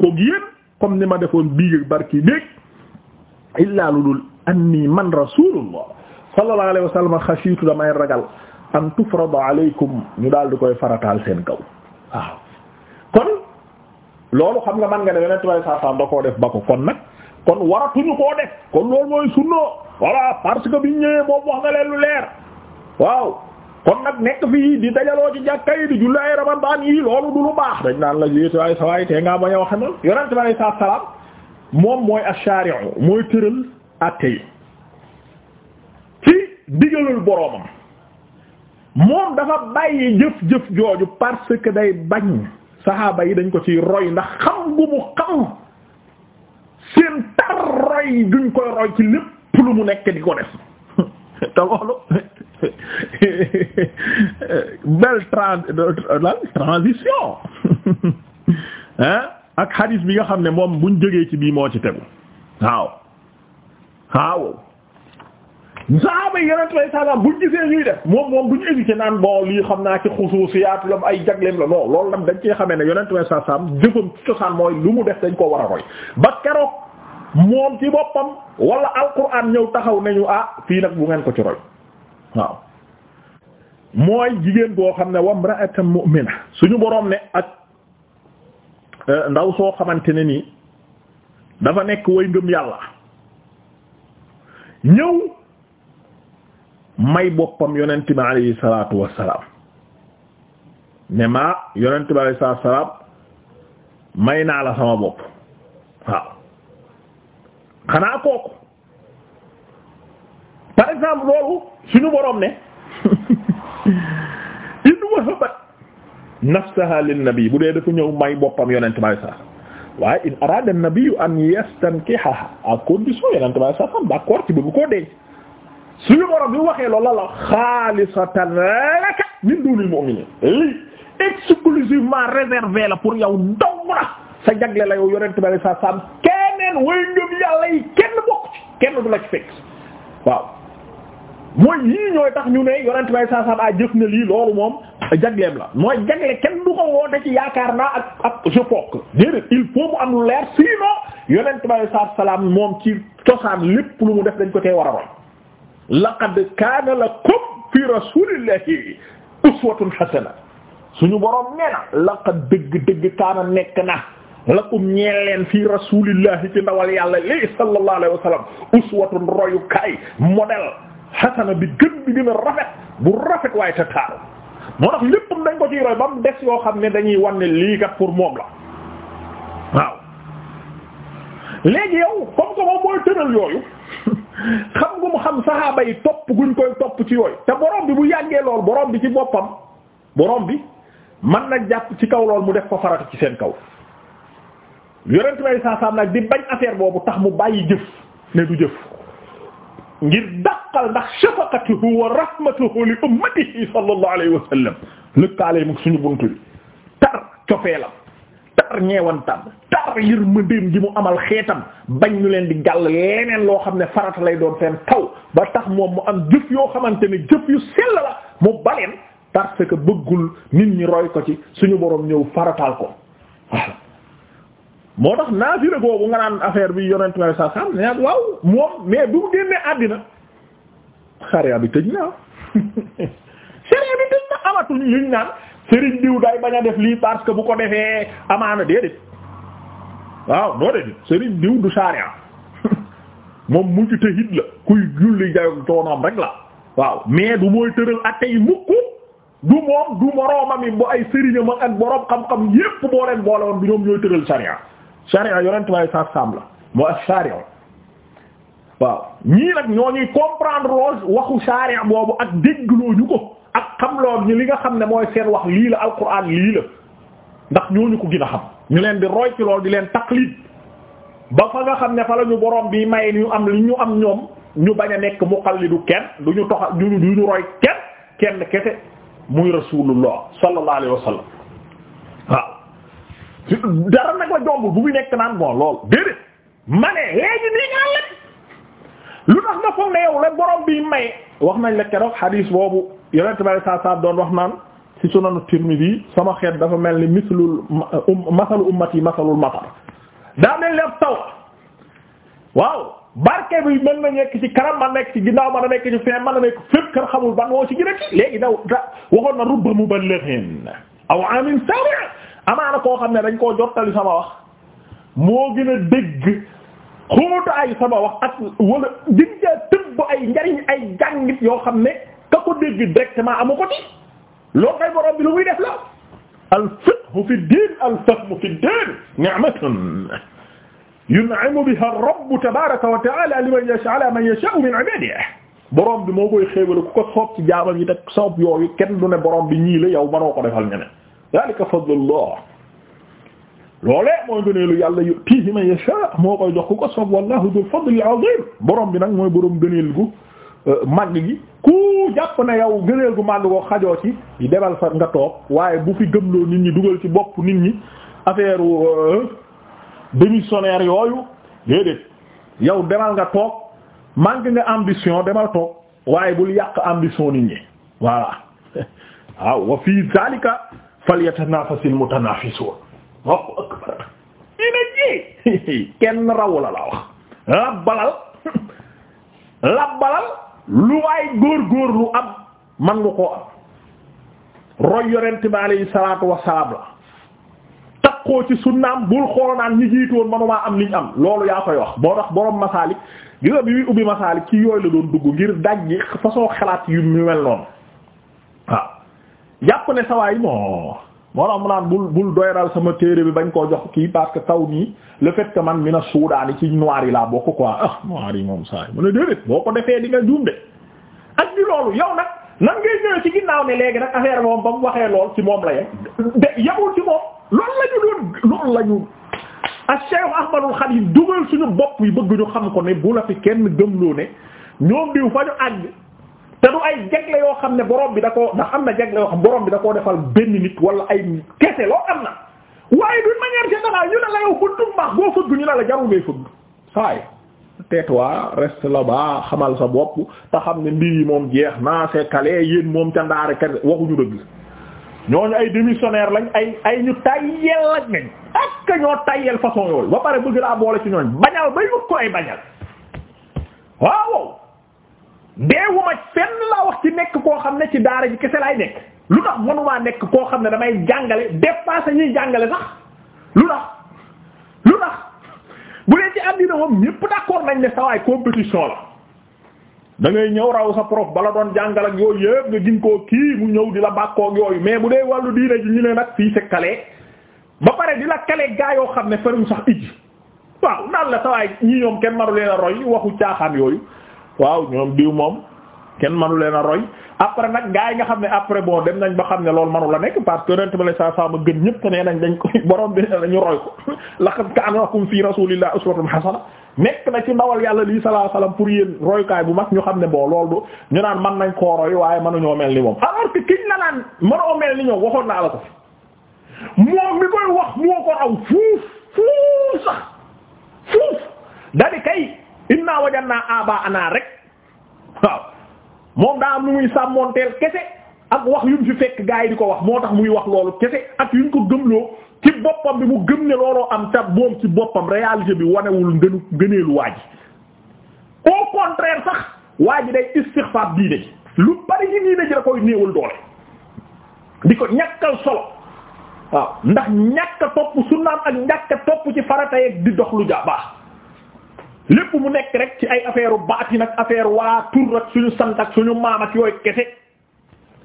koog yéen comme ni ma defoon biig barki néeg illaa lu dul anni man rasulullah sallallahu alayhi wa sallam xashiitu damay ragal an tufrada alaykum ñu daal di koy farataal seen kaw waaw kon loolu xam nga man nga ne yonent bi saa saa da koo def ba ko kon nag kon waratuñu koo def kon loolu mooy sunno voilà parce que biñ ñëwee boobu wax nga leen lu leer waaw kon nag nekk fii di dajaloo ci jàkka yi di julli ay ramadaan yi loolu du lu baax dañ naan la jiitu ay sawaay te ngaa bañ a wax noonu yonent bi alayhi salaam moom mooy ash mooy tëral àtte yi ci digalul boroomam moom dafa bàyyi jëf-jëf jooju parce que day bañ saxaaba yi dañ ko ciy roy ndax xam gu mu xam seen tar roy duñ koy roy ci lépp lu mu nekk di ko def te loolu belle trans euh, transition hein ak hadith bi nga xam ne moom buñ jógee ci bii moo ci tegu waaw waaw saxaaba yi yonent lay saalam buñ gisee ñuy def moom moom duñu hésité naan bon lii xam naa ci xusuusiyaat lam ay jagleem la non lool lam dañ cee xamee ne yonent lay saalam jëfam ci cosaan mooy lu mu def dañ ko war a roy ba keroog moom ci boppam wala alquran ñëw taxaw nañu ah fii nag bu ngeen ko ci roy waaw mooy jigéen goo xam ne wamra'atan mu'mina suñu boroom ne ak euh, ndaw soo xamante ne nii dafa nekk way ngëm yàlla ñëw may boppam yonent bi alayhi salaatu wassalaam ne maa yonent bi wassalaam may naa la sama bopp waaw xanaa kooku par exemple loolu suñu boroom ne in wahabat nafsaha lin nabi bu dee ñëw my boppam yonent may sax waaye in arada nabi an yastankihaha à condition yonent may sax am d'accord ci bëgg koo denc boroom bi waxee loolu la la xaalisatan laka min dunil mu'minin exclusivement réservé la pour yow dong la sa jagle la yow yonent may sax am keneen way kenn bokk kenn du la ci mooy yii ñooy tax ñu ne yonent bay saa saa jëf na lii loolu moom jagleem la mooy jagle kenn du ko woote ci yaakaar naa ak ak je pense déedéet il faut mu am lu leer sinon yonent bay saa salaam moom ci cosaan lépp lu mu def dañ ko tee wara a roy laqad kaana lakum fi rasulillahi uswatun hasana suñu boroom nee na laqad dëgg dëgg kaana nekk na lakum ñeel leen fii rasulillahi ci ndawal yàlla lii sallallahu alayhi wa sallam uswatun royukaay modèle xasana bi gën bi gën a rafet bu rafet waaye te taaru moo tax lépp dañ ko ciy roy ba mu des yoo xam ne dañuy wan ne lii gat pour moom la waaw léegi yow comme que moom mooy tëral yooyu xam nga mu xam saxaaba yi topp guñ koy topp ci yooyu te borom bi bu yàggee lool boroom bi ci boppam boroom bi mën na jàpp ci kaw lool mu def ko farata ci seen kaw yorent bay saasaam nag di bañ affaire boobu tax mu bàyyi jëf ne du jëf ngir dàqal ndax shafaqatuhu wa rahmatuhu li ummatihi sallallahu alayhi wa sallam mu suñu buntu bi tar cofeelam tar ñeewantam tar yërmandeem gi mu amal xeetam bañ ñu leen di gàll leneen loo xam ne farata lay doon seen taw ba tax moom mu am jëf yoo xamante ne jëf yu sell la mu baleen parce que bëggul nit ñi roy ko ci suñu boroom ñëw farataal ko waaw moo tax naa naafila googu nga naan affaire bi yonent na sa sam ne waaw moom mais bu mu génnee àddina sariya bi tëj na sariya bi tëj na amatuñ yuñ naan day bañ def lii parce que bu ko defee amaana déedéet waaw noo rek la waaw mais du mooy tëral atte yi mukk du moom du moroomam yi bu ay sëriñam ak boroom xam-xam yépp boo leen boole woon bi ñoom ñooy tëral sariya sharia yonentu waaye sa saam la moo ak sharia waaw ñii nag ñoo ñuy comprendre lool waxu sharia boobu ak déggloo ñu ko ak xam xamloo ñu li nga xam ne mooy seen wax lii la alquran lii la ndax ñu ko gën a xam ñu leen di roy ci loolu di leen taqlid ba fa nga xam ne fa la ñu borom bi may ñu am li ñu am ñoom ñu bañ a nekk muqallidu kenn du ñu toxa du ñu roy kenn kenn kese muy rasulullah sallallahu alayhi wa sallam dara nag la jombul bu mu nekk naan bon lool déedéet ma ne nii ñaan la lu tax nga foog ne yow la borom bi maye wax nañ la keroog xadiis boobu yonent bari saa saa doon wax naan ci sunanu Tirmidhi sama xeet dafa mel ni mislul um, masalu ummati masalul matar daa mel ni ab taw waaw barke bi mën na nekk ci kanam ma nekk ci ginnaaw ma nekk ci fin ma nekk fépp kër xamul ban moo ci gën a kii léegi daw waxoon na rubba muballighin aw amin sari' amaana koo xam ne dañ koo jottali sama wax moo gën a dégg xóotaayu sama wax ak wala gën jaa tëbb ay njariñ ay jàngit yoo xam ne ka ko dégg directement amu ko ci loo koy borom bi lu muy def la al fiqhu fi diin al fahmu fi diin ni'matun yun'imu biha ar-rabbu tabaaraka wa bi moo koy xéewal ku ko soob ci yi teg soob yooyu kenn du ne borom bi ñii la yow mënoo ko defal zalika fadlullah loolee mooy gëneelu yàlla yutiihi man yasha moo koy jox ku ko soob wallahu dul fadlil azim borom bi nag mooy borom gëneel gu euh, màgg gi ku jàpp na yow gëneel gu màgg ko xajoo ci demal fa nga toog waaye bu fi gëmloo nit ñi dugal ci bopp nit ñi affaire euh, démissionnaire yooyu déedéet yow demal nga toog manque nga ambition demal toog waaye bul yàq ambition nit ñi voilà waaw wa fii zalika falyatanafasil mutanafisun Allahu akbar ina ji kenn rawu la la wax labbalal labbalal lu waay góor-góor lu am man nga koo am roy yorent bi alayhi salaatu wassalaam la takkoo ci sunnaam bul xool naan ñi manumaa am liñ am loolu yaa koy wax boo tax borom masaalik gis nga bi muy ubbi masaalik ci yooyu la doon dugg ngir daj façon xalaat yu mu mel noonu jàpp ne sawaay moo moo tax mu naan bul bul doyral sama téere bi bañ koo jox kii parce que taw nii le fait que man mi na suudaani ci noir yi laa bokk ko ah noir yi moom saay mu a déedéet boo ko defee di nga juum de ak di loolu yow nag nan ñëwee ci ginnaaw ne léegi nag affaire moom ba mu waxee lool ci moom la yem de yemul ci moom loolu la ñu doon loolu la ñu dugal suñu bopp yi bëgg ñu xam ko ne bu la fi kenn gëmloo ne ñoom diw fa ñu àgg te du ay jagle yoo xam ne boroom bi da koo ndax am na jagle yoo xam borom bi koo defal benn nit walla ay kese loo am na waaye d'une manière générale ñu la yow fëddum baax boo fëgg ñu xamal sa xam ne mbir moom jeex naa c'est calé moom ca ndaare kese waxuñu dëgg ñooñu ay démissionnaire lañ ay ay ñu tayyel lañ nañ ak ka ñoo tayyel façon yooyu ba pare bëgg laa boole ci ñooñ bañal bay wut ko ay bañal waaw deewuma fenn laa wax ci nekk koo xam ne ci daara ji kese laay nekk lu tax mënumaa nekk koo xam ne damay jàngale dépassé ñuy jàngale sax lu tax lu tax bu dee ci àddina moom ñépp d'accord nañ ne sawaay compétition la da ngay ñëw raw sa prof la doon jàngal ak yooyu yëpp nga gin koo kii mu ñëw di la bàkkoog yooyu mais bu dee wàllu diine ji ñu ne nag fii c'est ba pare di la calé gaa yoo xam ne feruñ sax ij waaw naan la sawaay ñi ñoom kenn maru leen a roy waxu yooyu waaw ñoom diw moom kenn manu leen a roy après nag gaa yi nga xam ne après bon dem nañ ba xam ne loolu manu la nekk parce que yonent bi sallallahu alayhi wasallam gën ñëpp te nee nañ dañ koy borom bi dañu roy ko laqad kaana lakum fi rasulillahi yàlla lii sallallahu alayhi wasallam pour yéen roykaay bu mag ñu xam ne boo loolu du ñu naan man nañ koo roy waaye mënuñoo mel ni moom alors que kiñ la naan mënoo mel ni ñoom waxoon naa la ko fi moom mi koy wax moo ko raw fuuf fuuf sax kay inna wajadna aba ana rek waaw moom daa am lu muy sàmmonteel kese ak wax yu mu fi fekk gaa yi di ko wax moo tax muy wax loolu kese ak yu ñu ko gëmloo ci boppam bi mu gëm ne looloo am ta moom ci boppam réalité bi wanewul ngënu ngëneelu waa ji au contraire sax waa ji day bii diine ji lu bari yi nii ji da koy néewal doole di ko ñàkkal solo waaw ndax ñàkk topp sunnaam ak ñàkk topp ci farata yeeg di dox lu ja baax lépp mu nekk rek ci ay affaire baatin ak affaire waa tur ak suñu sant ak suñu maam ak yooyu kese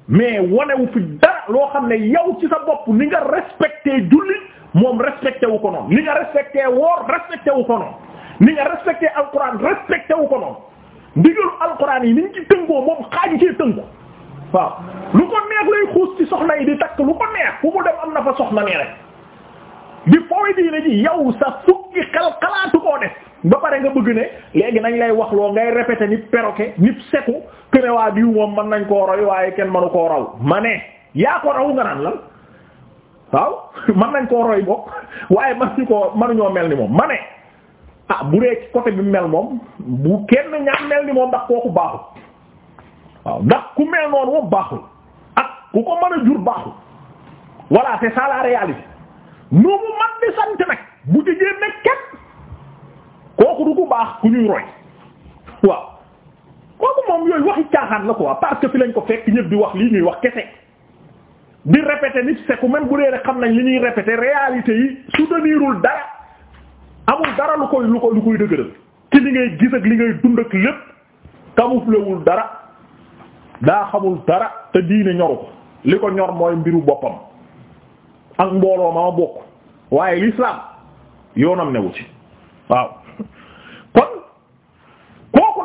mais wanewu fi dara loo xam ne yow ci sa bopp ni nga respecté julli moom respecté wu ko noonu ni nga respecté woor respecté wu ko noonu ni nga respecté alquran respecté wu ko noonu ndigalu alquran yi ni ñu ci tënkoo moom xaaju cee tënku waaw lu ko neex lay xuus ci soxna yi di takk lu ko neex fu mu dem am na fa soxna nii rek di fooy diine ji yow sa fukki ba pare nga bëgg ne léegi nañ lay wax loo ngay répéter ni perroquet nit seku que ne waa diw moom man nañ koo roy waaye kenn mënu koo raw ma ne yaa ko raw nga naan la waaw man nañ koo roy moom waaye mënuñu koo mënuñoo mel ni moom ma ne ah bu dee ci côté bi mel moom bu kenn ñaan mel ni moom ndax kooku baaxul waaw ndax ku mel noonu moom baaxul ak ku ko mën a jur baaxul voilà c'est ça nu mu man di sant nag baax ku ñuy roy waaw kooku moom yooyu waxi caaxaan la quoi parce fi lañ ko fekk ñëpp di wax lii ñuy wax kese di répéter nit seku même bu dee rek xam nañ li ñuy répéter réalité yi soutenirul dara amul dara lu koy lu koy lu koy dëgëral ci li ngay gis ak li ngay dund ak lépp camouflewul dara daa xamul dara te diine ñoru ko li ko ñor mooy mbiru boppam ak mbooloo ma ma bokk waaye l'islam yoonam newu ci waaw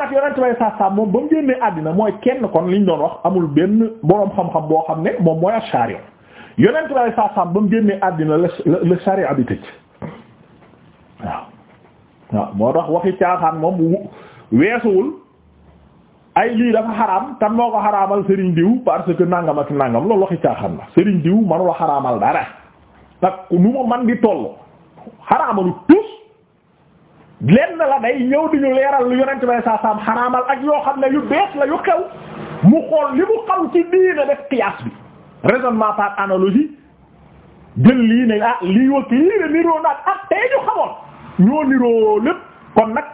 nag yonent bay saasaam moom ba mu génnee àddina mooy kenn kon liñ doon wax amul benn boroom xam-xam boo xam ne moom mooy ash-shari' yonent bay saasaam ba mu génnee àddina la la shari'a bi tëj waaw waaw moo tax waxi caaxaan moom weesuwul ay lii dafa xaram tan moo ko xaraamal Serigne diw parce que nangam ak nangam loolu waxi caaxaan la Serigne diw manula xaraamal dara nag nu ma man di tollu xaraamal tus lenn la day ñëw di ñu leeral lu yonent bay saa saam ak yoo xam ne yu bees la yu xew mu xool li mu xaw ci diine def qiyaas bi raisonnement par analogie jël lii ne ah lii wëkk lii ne niroo nag ak ah tey ñu xamoon ñoo niroo lépp kon nag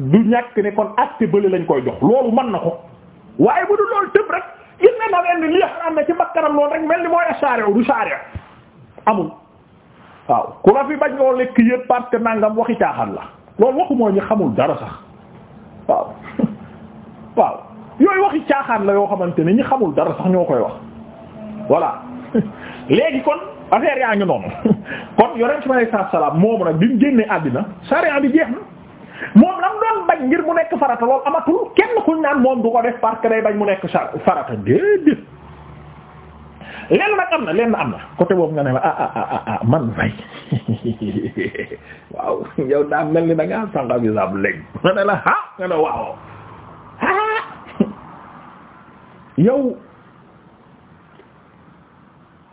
du ñàkk ne kon acte bële lañ koy jox loolu mën na ko waaye bu du loolu tëb rek gis ne na leen lii xaraam na ci bakkanam loolu rek mel ni mooy asaareew du saareew amul waaw ku la fi bañ loo lekk yëpp parce que nangam waxi la loolu waxumoo mooy ñu xamul dara sax waaw waaw yooyu waxi caaxaan la yoo xamante ne ñi xamul dara sax ñoo koy wax voilà léegi kon affaire yaa ngi noonu kon yonent bi alayhi salaam moomu nag bi mu génnee àddina sariya bi jeex na moom la mu doon bañ ngir mu nekk farata lool amatul kenn kuñ naan moom du ko def parce day bañ mu nekk farata déedéet lenn nag am na lenn am na côté boobu nga ne ma ah ah ah, ah, ah man fay waaw yow daa mel ni da ngaa sànq bi saab léegi nga ne la ha nga ne waaw ah yow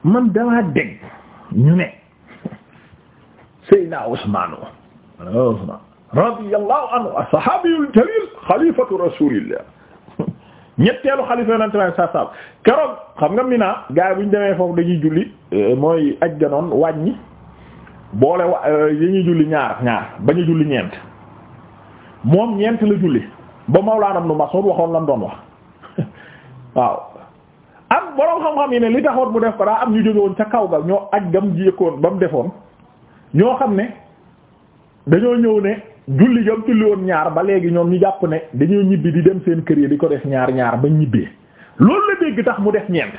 man damaa dégg ñu ne Seydina Usmaan Usmaan radiyallahu anhu as-sahabiyul jalil xalifatu rasulillah ñetteelu xalifa yonente bi saa saa keroog xam nga Mina gars yi bu ñu demee foofu dañuy julli euh, mooy aj ganoon wàññi boole wa euh, dañuy julli ñaar ñaar bañu julli ñeent moom ñeent la julli ba Mawlaana Ibn Mas'ud waxoon lan doon wax waaw am boroom xam-xam yi ne li taxoon mu def ko daa am ñu jógewoon ca kaw ga ñoo aj gam jiyëkkoon ba mu defoon ñoo xam ne dañoo ñëw ne julli jam julli woon ñaar ba léegi ñoom ñu jàpp ne dañuy ñibbi di dem seen kër yi di ko def ñaar ñaar ba ñibbee loolu la dégg tax mu def ñeent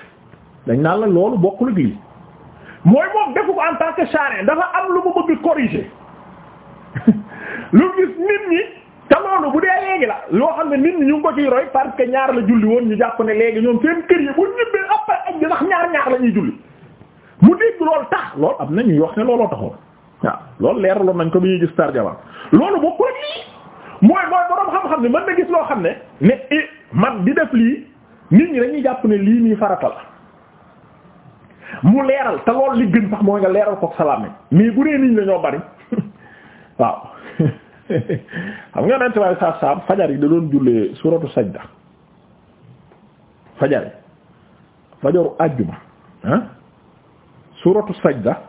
dañ naan la loolu bokkul ak lii mooy moom defu ko en tant que charin dafa am lu mu bëgg corriger lu gis nit ñi te loolu bu dee léegi la loo xam ne nit ñi ñu ngi ko ciy roy parce que ñaar la julli woon ñu jàpp ne léegi ñoom seen kër yi bu ñibbee après ak bi ñaar ñaar lañuy ñuy julli mu dégg loolu tax loolu am na ñuy wax ne looloo taxoon waaw loolu leeraloon nañ ko bi ñuy gis tarjama loolu bokkul ak lii mooy mooy borom xam-xam ne mën na gis loo xam ne ne eh, man di def lii nit ñi dañuy jàpp ne lii nii farata mu leeral te loolu li gën sax mooy nga leeral koog salaam mais bu dee nit ñi dañoo bari waaw xam nga nent waaye saab saab fajar yi da doon jullee suratu sajda fajar yi fajaru àjjuma ah suratu sajda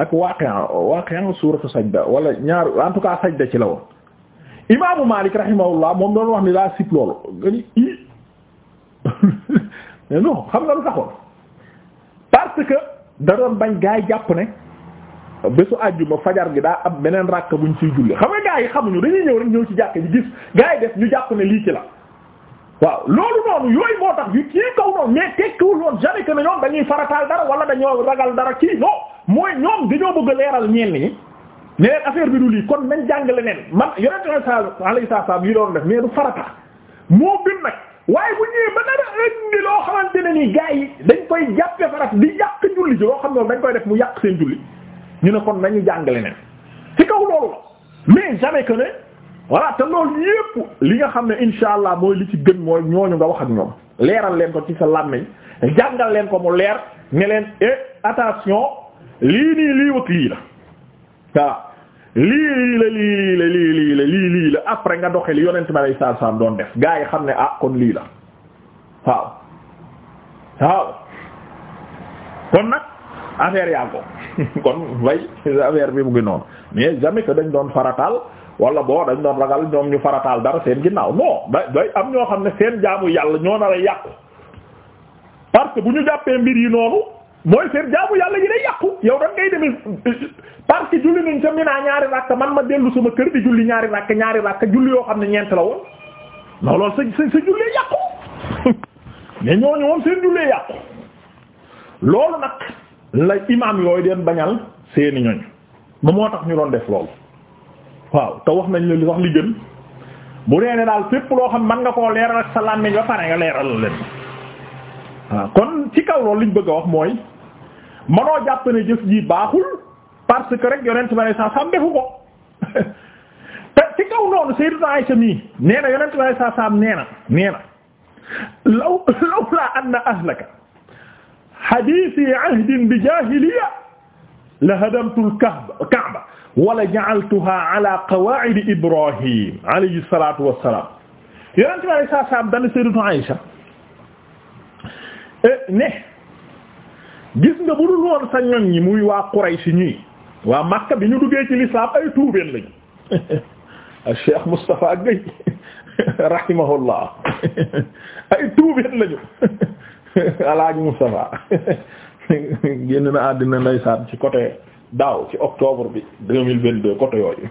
ak waaqi'a waaqi'a suuratu sajda wala ñaar en tout cas sajda ci la woon imaamu Maalik rahimahullah moom doon wax ni laa sip loolu nga ni i xam nga lu taxoon parce que da doon bañ gaa yi jàpp ne bésu àjjuma fajar gi daa am beneen rakk buñ ciy julli xam nga gaa yi xamuñu dañuy ñëw rek ñëw ci jàkk ji gis gaa yi def ñu jàpp ne lii ci la waaw loolu noonu yooyu moo tax yu kii kaw noonu mais tekkiwul woon jamais que ne ñoom dañuy farataal dara wala dañoo ragal mooy ñoom dañoo bëgg a leeral ñenn ñi ne leen affaire bi du lii kon nañ jàngale neen man yonent na sa alayhi salaam yi doon def mais du farata moo gën nag waaye bu ñëwee ba dara indi loo xamante ne nii gaa yi dañ koy jàppe farat di yàq julli ji loo xam ne dañ koy def mu yàq seen julli ñu ne kon nañu jàngale neen ci kaw loolu la mais jamais que ne voilà te loolu yépp li nga xam ne insha allah mooy li ci gën mooy ñooñu nga wax ak ñoom leeral leen ko ci sa làmmiñ jàngal leen ko mu leer ne leen eh attention lii nii lii wëkk lii la waaw lii lii la lii la lii la lii après nga doxe li yonent bi alay saat saam doon def gaa yi xam ne ah kon lii la waaw waaw kon nag affaire yaa ko kon way affaire bi mu noonu mais jamais que dañ doon farataal wala boo dañ doon ragal ñoom ñu farataal dara seen ginnaaw non da day am ñoo xam ne seen jaamu yàlla ñoo nar a yàqu parce que bu ñu jàppee mbir yi noonu mooy seen jaamu yàlla yi day yàqu yow da ngay demee parce que julli nañ sa minaa ñaari rakk man ma dellu sama kër di julli ñaari rakk ñaari rakk julli yoo xam ne ñeent la woon non loolu sa sa sa jullee yàqu mais ñooñu moom seen jullee yàqu loolu nag la imaam yooyu den bañal seeni ñoñ ma moo tax ñu doon def loolu waaw te wax nañ li wax li gën bu dee ne daal fépp loo xam mën nga koo leeral ak sa làmmiñ ba pare nga leeral leen. waaw kon ci kaw loolu liñ bëgg a wax mooy manoo jàpp ne jëf ji baaxul parce que rek yonent bi saa saam defu ko te ci kaw noonu Sayyidatu Aisha mii nee na yonent bi saa saam nee na nee na law lawlaa anna ahlaka hadiisi ahdin bi jaahiliya la hadamtul kaaba wala ja'altuha ala qawaa'idi Ibrahim alayhi salaatu wa salaam yonent bi saa saam dana Sayyidatu Aisha Eh, ne gis nga bu dul woon sa ñoñ ñi muy waa Quraysh ñii waa Makka bi ñu duggee ci lislaam ay tuubeen lañu a Cheikh Moustapha Gueye rahimahullah ay tuubeen lañu alaaji Moustapha génn na àddina ndeysaan ci côté daaw ci octobre bi deux mille vingt deux côté yooyu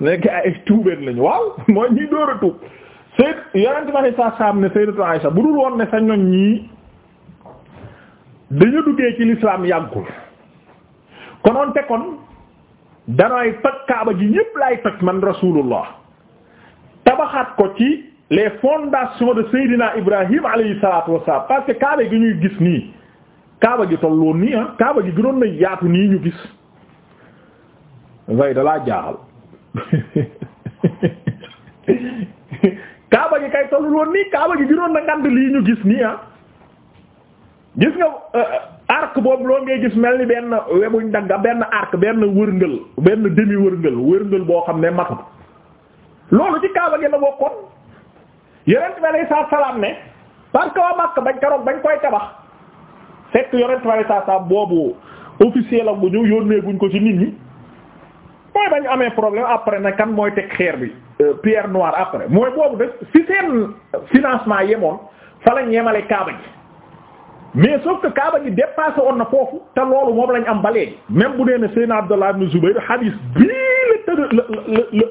nekk ay tuubeen lañu waaw mooy ñi door Seyd yonent ma ne saa saam ne Sayyidatu Aisha bu dul woon ne sa ñoñ ñii dañu duggee ci lislaam yàggul konoon te kon danay toj kaaba ji ñépp lay toj man rasulullah tabaxaat ko ci le fondations de Seydina Ibrahim alayhi salaatu wassalaam parce que kaaba gi ñuy gis nii kaaba gi toll woon nii ah kaaba gi gënoon na yaatu nii ñu gis way dalaa jaaxal kaaba gi kay tollu woon nii kaaba gi gënoon na ngand lii ñu gis nii ah gis nga eh, arc boobu loo ngay gis mel ni benn webuñ dagga benn arc benn wërngël benn demi wërngël wërngël boo xam ne matut loolu ci kaaba gi la bokkoon yonent bi alayhi salaam ne parce que waa Makka bañ karoog bañ koy tabax fekk yonent bi alayhi salaam boobu officiel la bu ñu yónnee guñ ko ci nit ñi mooy bañ amee problème après na kan mooy teg xeer bi euh, pierre noire après mooy boobu def ci seen financement yemoon fa lañ yemale kaaba gi mais sauf que kaaba gi dépassé woon na foofu te loolu moom lañ am ba léegi même bu dee ne Seydina Abdallah ibn Zubayr hadis bii la tëdd la la la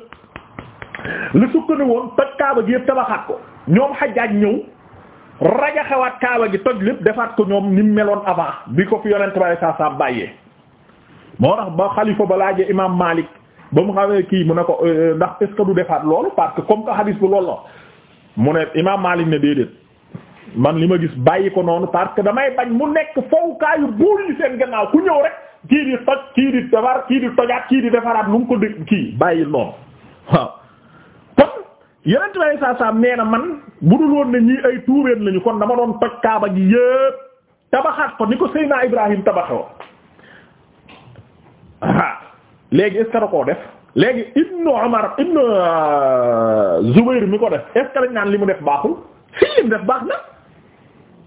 la sukkani woon toj kaaba gi yëpp tabaxaat ko ñoom xajaaj ñëw rajaxewaat kaaba gi toj lépp defaat ko ñoom ni meloon avant bi ko fi yonent baay saa saa bàyyee moo tax ba xalifa ba laajee imaam Malik ba mu xamee kii mu ne ko euh, euh, ndax est-ce que du defaat loolu parce que comme que hadis bu loolu la mu ne imaam Malik ne déedéet man li ma gis bàyyi ko noonu parce que damay bañ mu nekk fowukaayu buur yi seen gannaaw ku ñëw rek kii di toj kii di kii di tojaat kii di defaraat lu mu ko dégg kii bàyyi noonu waaw kon yeneen tubaab yi saa saa nee na man budul woon ne ñii ay tuureen lañu kon dama doon toj kaaba gi yépp tabaxaat ko ni ko Seyna Ibrahim léegi est-ce koo def léegi ibnu Umar ibnu euh, Zubayr mi ko def est dañ naan li mu def baaxul fii li mu def baax na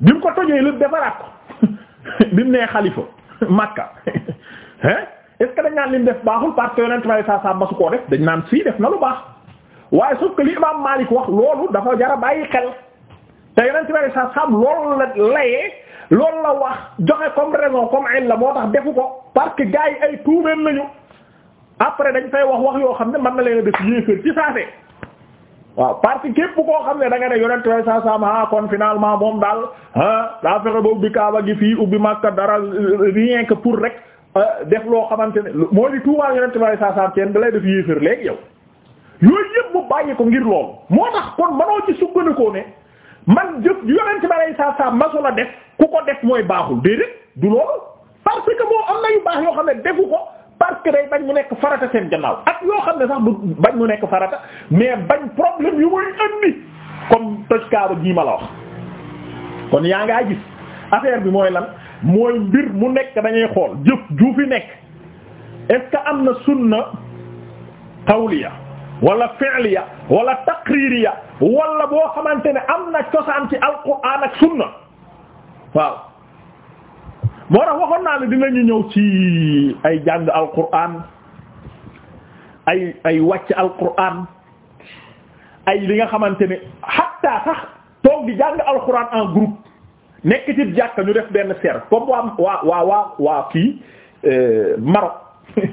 bi mu ko tojee lépp defaraat ko bi mu nee xalifa Makka hein est dañ naan li mu def baaxul parce que yonent may saa saa masu koo def dañ naan fii def na lu baax waaye sauf que li imaam Maalik wax loolu dafa jara bàyyi xel te yonent may saa saa loolu la layee loolu la wax joxe comme raison comme la moo tax defu ko parce que gars yi ay tuumeen lañu après dañ fay wax wax yoo xam ne mën na leen a def yéeféer ci saase waaw parce que képp koo xam ne da nga ne yonent way sa sam a ah, kon finalement moom daal ah daa fexe ba ubbi Kaaba gi fii ubbi Makka dara rien pour rek euh, def loo xamante ne moo di tuumaal yonent way sa sam teen da lay def yéeféer léegi yow yooyu yëpp mu bàyyi ko ngir loolu moo tax kon manoo ci sukkandikoo ne man jëf yonent ba lay saa ma masula def ku ko def mooy baaxul déedéet du loolu parce que moom am na yu baax yoo xam ne defu ko parce que day bañ mu nekk farata seen gannaaw ak yoo xam ne sax du bañ mu nekk farata mais bañ problème yu muy indi comme toj kaaba ji ma la wax kon yaa ngaa gis affaire bi mooy lan mooy mbir mu nekk dañuy xool jëf ju fi nekk est-ce am na sunna tawliya wala fi'liya wala taqririya wala boo xamante ne am na cosaan ci alquran ak sunna waaw moo tax waxoon naa ne dinañu ñëw ci ay jàng alquran ay ay wàcc alquran ay li nga xamante ne hatta sax toog di jàng alquran en groupe nekk ci jàkka ñu def benn serre comme waa waa waa waa waa kii euh,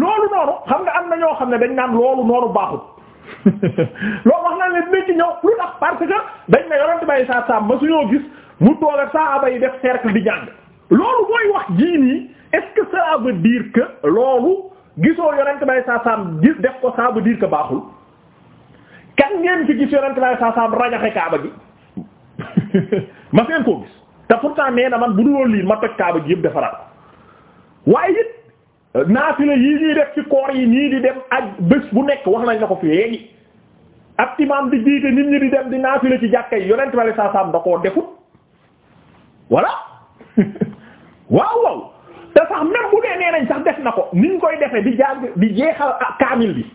loolu noonu xam nga am na ñoo xam ne dañ naan loolu noonu baaxul loolu wax nañ ne dinañ ci ñëw lu tax parce que dañ ne yorante bay saa saa ma suñoo gis mu toog ak saaba yi def cercle di jàng loolu mooy wax jii nii est-ce que ça veut loolu gisoo yorante bay saa gis def ko ça diir dire baaxul kan ngeen fi gis yorante bay saa saa rajaxe kaaba gi ma seen koo gis te pourtant nee na man bu dul lii ma toj kaaba gi yëpp defaraat waaye it naafila yii ñuy def ci koor yi ñii di dem ak bés bu nekk wax nañ na ko fi léegi ab imaam di jiite nit ñi di dem di naafila ci jàkka yi yonent bale saa saam da koo defut voilà waaw waaw te sax même bu dee nee sax def na ko niñ koy defee di jàng di jeexal kaamil bi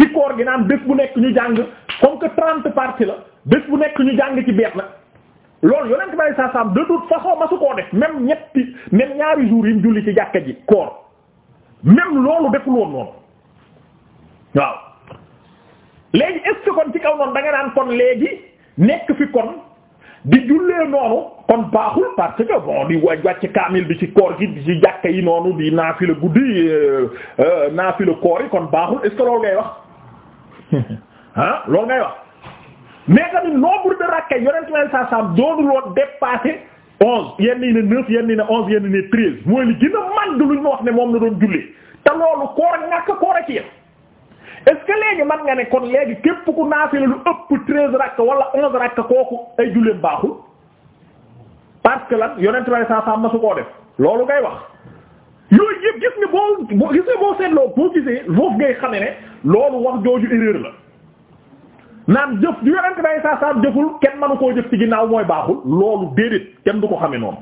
ci koor gi naan bés bu nekk ñu jàng comme que trente parties la bés bu nekk ñu jàng ci beet na loolu yonent bale saa saam de toute façon masu koo def même ñetti même ñaari jours yi mu julli ci jàkka ji koor même loolu deful woon noonu waaw léegi est kon ci kaw noonu da nga naan kon léegi nekk fi kon di jullee noonu kon baaxul parce que bon di wàcc wàcc kaamil bi ci koor gi di ci jàkka yi noonu di naafila guddi euh, euh, naafila koor yi kon baaxul est-ce loolu ngay wax ah loolu ngay wax mais tamit nombre de rakka yonent sallallahu alayhi wasallam doonul woon dépasser onze yenn yi ne neuf yenn yi ne onze yenn yi ne treize mooy li gën a màgg luñ ma wax ne moom la doon jullee te loolu koor a ñàkk a ci yem est-ce que léegi nga ne kon léegi képp ku naafila lu ëpp treize rakk wala onze rakk kooku ay julleem baaxul parce que lan yonent bi saa saa ma su koo def loolu ngay wax yooyu yëpp gis nga boo gis boo seetloo boo gisee loofu ngay xame ne loolu wax jooju erreur la naan jëf ju yonent bay saa saa jëful koo jëf ci ginnaaw mooy baaxul loolu déedéet kenn bu ko xamee noonu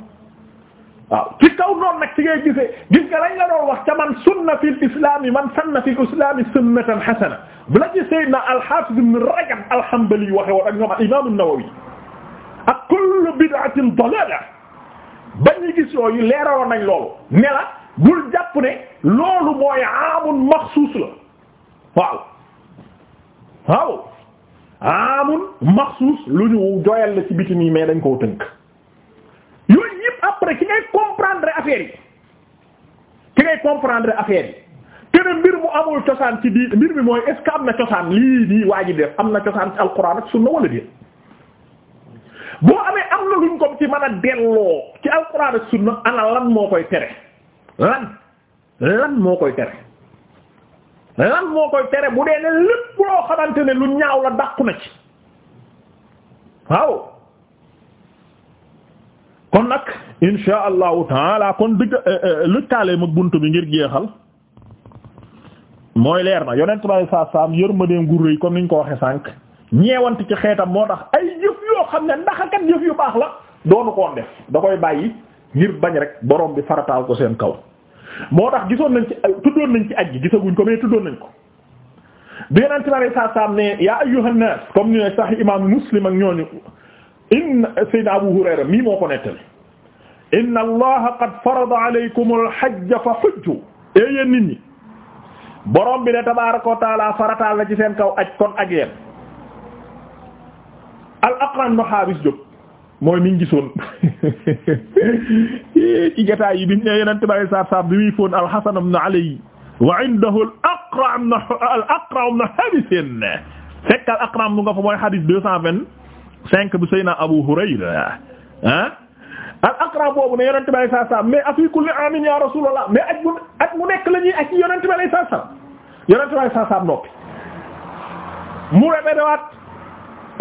waaw ci kaw lool nag ci ngay gisee gis nga lañ la doon wax ca man sunna fil islami man sanna fil islami sunnatan hasana bu la ci sayyidina al-hafiz ibn rajab al-hanbali waxe wax ak ñoom al imam an-nawawi ak kullu bid'atin dalalah ba ñu gis yooyu leeraloon nañ loolu ne la bul jàpp ne loolu mooy aamun maxsuus la waaw waaw amun maxsuus lu ñu joyal la ci biti nii mais dañ koo tënk yooyu yëpp après ki ngay comprendre affaire yi ki ngay comprendre affaire yi keneen mbir mu amul cosaan ci di mbir mi mooy est ce que am na cosaan lii di waa ji def am na cosaan ci alquran ak sunna wala déet boo amee am na luñ ko ci mën a delloo ci alquran ak sunna ana lan moo koy tere lan lan moo koy tere lan moo koy tere bu dee ne lépp xamante ne lu ñaaw la dàqu na ci waaw kon nag insha allahu taala kon dëgg eh, eh, lëkkaale mag bunt bi ngir jeexal mooy leer na yonent bi saa saam yërmandeem gu rëy comme niñ ko waxee sànq ñeewante ci xeetam moo tax ay jëf yoo xam ne ndax kat jëf yu baax la doonu koon def da koy bàyyi ngir bañ rek borom bi farataal ko seen kaw moo tax gisoon nañ ci tuddoon nañ ci aj gi gisaguñ ko mais tuddoon nañ ko bi yeneen ci bari saa saam ne yaa ayyuhan nas comme ñu ne sax imam muslim ak ñooñu in sayyid abu hurayra mii moo ko nettali inna allaha qad farada alaykum alhajja fa hujju e yéen nit ñi borom bi ne tabaaraka wa taala farataal na ci seen kaw aj kon aj yeen al aqran no xaabis jóg mooy niñ gisoon ci jotaay yi biñ ne yonent bi saaf bi muy fóon al-Hasan ibn Ali wa indahu al-Aqra' ibn al-Aqra' al-Aqra' mu fa mooy hadith deux cent vingt cinq Abu Hurayra ah al-Aqra' boobu ne yonent bi saaf saaf mais afi kulli amin ya Rasulullah mais at mu at mu nekk la ñuy at ci yonent bi saaf saaf yonent bi saaf saaf noppi mu répété waat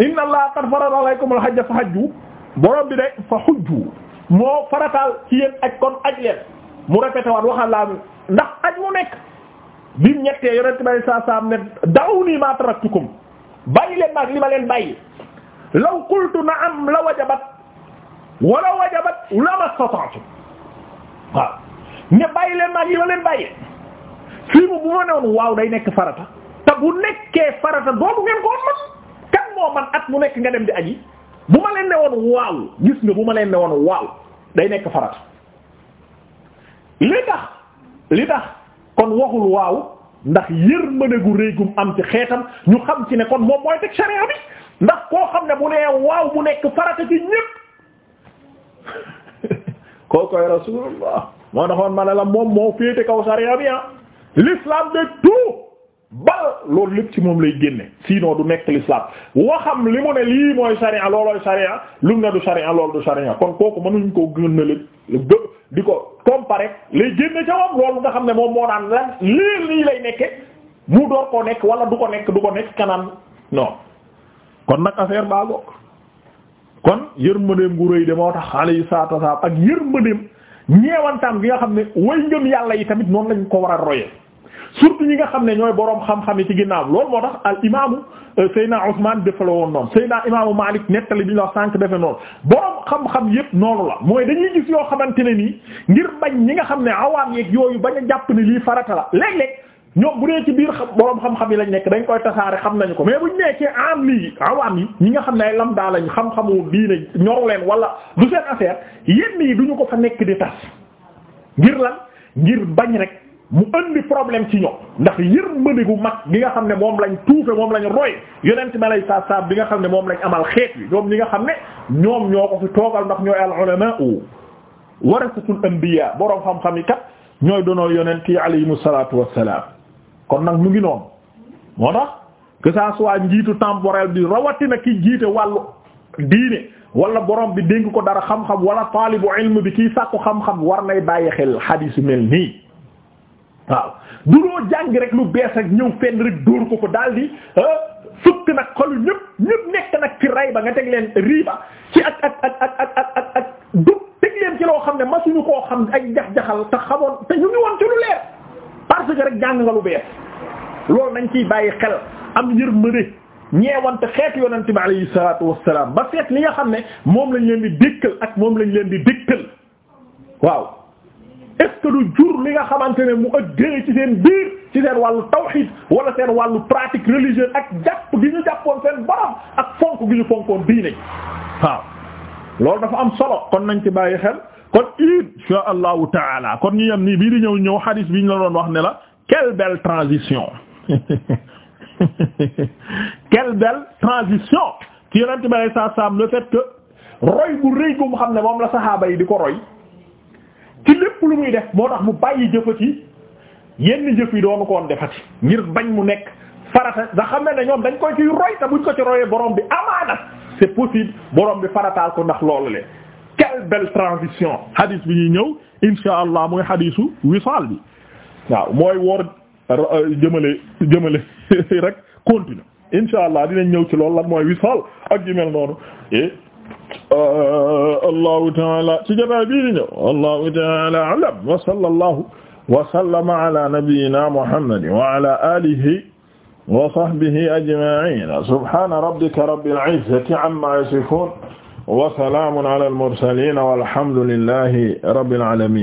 inna Allaha qad farada alaykum al-hajja fa hajju borom bi de fa xujju moo farataal ci yéen aj kon aj leen mu répété waat waxal laa ndax aj mu nekk bimu ñettee yonent bi saa saa am ne da'uni ma leen maag li ma leen bàyyi law qultu na'am la wala wajabat la mastata'tu waaw ne bàyyi leen maag li ma leen bàyyi fii bu ma newoon waaw day nekk farata te bu nekkee farata doomu ngeen ko man kan moo man at mu nekk nga dem di aji bu ma leen ne woon waaw gis nga bu ma leen ne woon waaw day nekk farata li tax li tax kon waxul waaw ndax yërmande gu rëy gum am ci xeetam ñu xam ci ne kon moom mooy teg sharia bi ndax koo xam ne bu nee waaw bu nekk farata ci ñépp koo koy rasulullah moo taxoon ma la moom moo féete kaw sharia bi ah l'islam de tout ba loolu lépp ci moom lay génne sinon du nekk l'islam waxam li mu ne lii mooy sharia loolooy sharia lu mu ne du sharia loolu du sharia kon kooku mënuñ ko gën a di ko comparer lay génne ca moom loolu nga xam ne moom moo naan la lii lay nekke mu door koo nekk wala du ko nekk du ko nekk kanam non kon nag affaire baa goog kon yërmandeem gu rëy de moo tax alayhi salaatu wa salaam ak yërmandeem ñeewantaam gi nga xam ne way ngëm yàlla yi tamit noonu lañ ko war a royee surtout ñi nga xam ne ñooy boroom xam-xam yi ci ginnaaw loolu moo tax al imaamu euh, Seyna Ousmane defe la woon noonu Seyna imaamu Malik nettali bi ñu wax sànq defe noonu boroom xam-xam yépp noonu mooy dañuy yoo xamante ne nii ngir bañ ñi nga xam ne awaam yeeg yooyu bañ a jàpp ne lii farata la léeg ñoom bu dee ci biir boroom xam-xam yi lañ nekk dañ koy tasaare xam nañu ko mais buñ nekkee am lii awaam yi ñi nga xam ne ay daal lañ xam-xamu diine ñoru leen wala du seen affaire yenn yi duñu ko fa nekk di tas ngir lan ngir bañ rek mu indi problème ci ñoom ndax yërmande gu mag gi nga xam ne moom lañ tuufe moom lañ roy yonent ma lay saa saa bi nga xam ne moom lañ amal xeet wi ñoom ñi nga xam ne ñoom ñoo ko fi toogal ndax ñooy al ulama warasatul anbiya boroom xam-xam yi kat ñooy doonoo yonent yi alayhimu salaatu wassalaam kon nag mu ngi noon moo tax que ça soit njiitu temporel bi rawatina ki jiite wàllu diine wala borom bi dénk ko dara xam-xam wala taalibu ilm bi kiy sàkku war nay bàyyi xel xadiis mel nii. waaw du duroo jàng rek lu bees ak ñëw fenn rek dóor ko ko daldi ah, fukk nag xolu ñëpp ñëpp nekk nag ci ray ba nga teg leen riiba ci ak ak ak ak ak ak ci loo xam ne masuñu koo xam ay jax-jaxal te xamoon te ñu ngi woon jàng nga lu bees loolu nañ ciy bàyyi xel am yërmande ñeewante xeetu yonent bi alayhi salaatu wassalaam ba seet li nga xam ne moom lañ leen di dëkkal ak moom lañ leen di dëkkal waaw est-ce que du jur li nga xamante ne mu ëddee ci seen biir ci seen wàllu tawhid wala seen wàll pratique religieuse ak jàpp gi ñu jàppoon seen borom ak fonk gi ñu fonkoon diine waaw loolu dafa am solo kon nañ ci bàyyi xel kon insha allahu taala kon ñu yem nii bii di ñëw ñëw hadith bi ñu la doon wax ne la quelle belle transition quelle belle transition ci yonent bi sallallahu alayhi wasallam le fait que roy bu rëy xam ne moom la saxaaba yi di ko roy ci lépp lu muy def moo tax mu bàyyi jëfati yenn jëf yi doonu koon defati ngir bañ mu nekk farata nga xam ne ne ñoom dañ koy ciy roy te buñ ko ci royee boroom bi amaana c'est possible boroom bi farataal ko ndax loolu le quelle belle transition hadis bi ñuy ñëw insha allah mooy hadisu wisaal bi waaw mooy woor euh, jëmale jëmale rek continue insha allah dinañ ñëw ci loolu lan mooy wisaal ak yu mel noonu Uh, allahu taala ci jotaay bii di ñëw allahu taala alam wa sallallahu wa sallama ala nabiyyina muhammadin wa ala alihi wa sahbihi ajma'in subhana rabbika rabbil izzati amma yasifun wa salamun ala al mursalin walhamdulillahi rabbil alamin